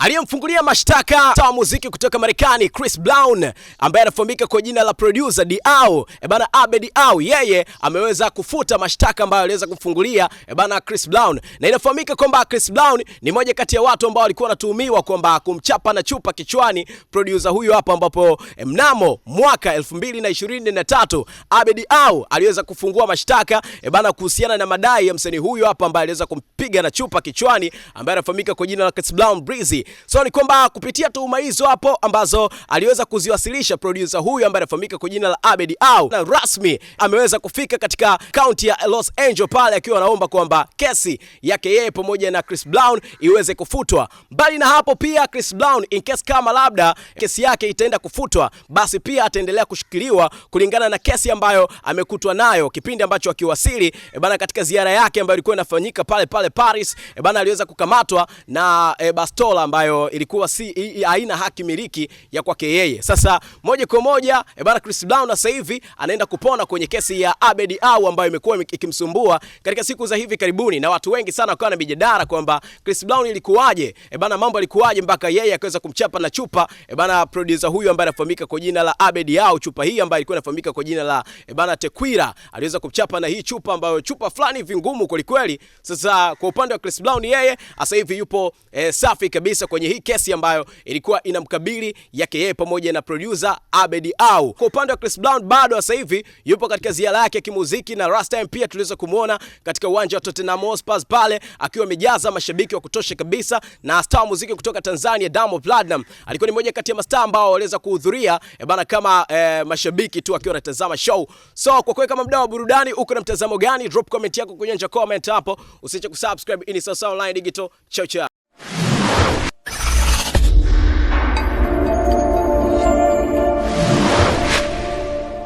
Aliyemfungulia mashtaka wa muziki kutoka Marekani Chris Brown ambaye anafahamika kwa jina la producer Diao, e bana Abed yeye ameweza kufuta mashtaka ambayo aliweza kumfungulia e bana Chris Brown, na inafahamika kwamba Chris Brown ni moja kati ya watu ambao walikuwa wanatuhumiwa kwamba kumchapa na chupa kichwani producer huyo hapa, ambapo e, mnamo mwaka 2023 Abed Diao aliweza kufungua mashtaka e bana kuhusiana na madai ya msanii huyo hapa ambaye aliweza kumpiga na chupa kichwani ambaye anafahamika kwa jina la Chris Brown Breezy So ni kwamba kupitia tuhuma hizo hapo ambazo aliweza kuziwasilisha producer huyu ambaye anafahamika kwa jina la Abedi au na rasmi ameweza kufika katika kaunti ya Los Angeles pale akiwa anaomba kwamba kesi yake yeye pamoja na Chris Brown iweze kufutwa. Mbali na hapo pia Chris Brown in case kama labda kesi yake itaenda kufutwa, basi pia ataendelea kushikiliwa kulingana na kesi ambayo amekutwa nayo kipindi ambacho akiwasili e bana katika ziara yake ambayo ilikuwa inafanyika pale pale Paris e bana aliweza kukamatwa na e, bastola ambayo ambayo ilikuwa si haina haki miliki ya kwake yeye. Sasa moja kwa moja e eh, bana, Chris Brown sasa hivi anaenda kupona kwenye kesi ya Abedi Au ambayo imekuwa ikimsumbua katika siku za hivi karibuni, na watu wengi sana wakawa na mijadala kwamba Chris Brown ilikuwaje, e bana, mambo alikuwaje mpaka yeye akaweza kumchapa na chupa e bana, producer huyu ambaye anafahamika kwa jina la Abedi Au, chupa hii ambayo ilikuwa inafahamika kwa jina la e bana Tequila, aliweza kumchapa na hii chupa ambayo chupa fulani vingumu kweli Sasa kwa upande wa Chris Brown, yeye sasa hivi yupo e, safi kabisa kwenye hii kesi ambayo ilikuwa inamkabili yake yeye pamoja na producer Abed Au. Kwa upande wa Chris Brown bado sasa hivi yupo katika ziara yake ya kimuziki, na last time pia tuliweza kumuona katika uwanja wa Tottenham Hotspur pale akiwa amejaza mashabiki wa kutosha kabisa, na star muziki kutoka Tanzania Diamond Platnumz alikuwa ni mmoja kati ya mastaa ambao waliweza kuhudhuria e bana kama e, mashabiki tu akiwa anatazama show. So kwa kweli kama mdau wa burudani uko na mtazamo gani? Drop comment yako kwenye comment hapo, usiache kusubscribe ili sasa online digital chao chao.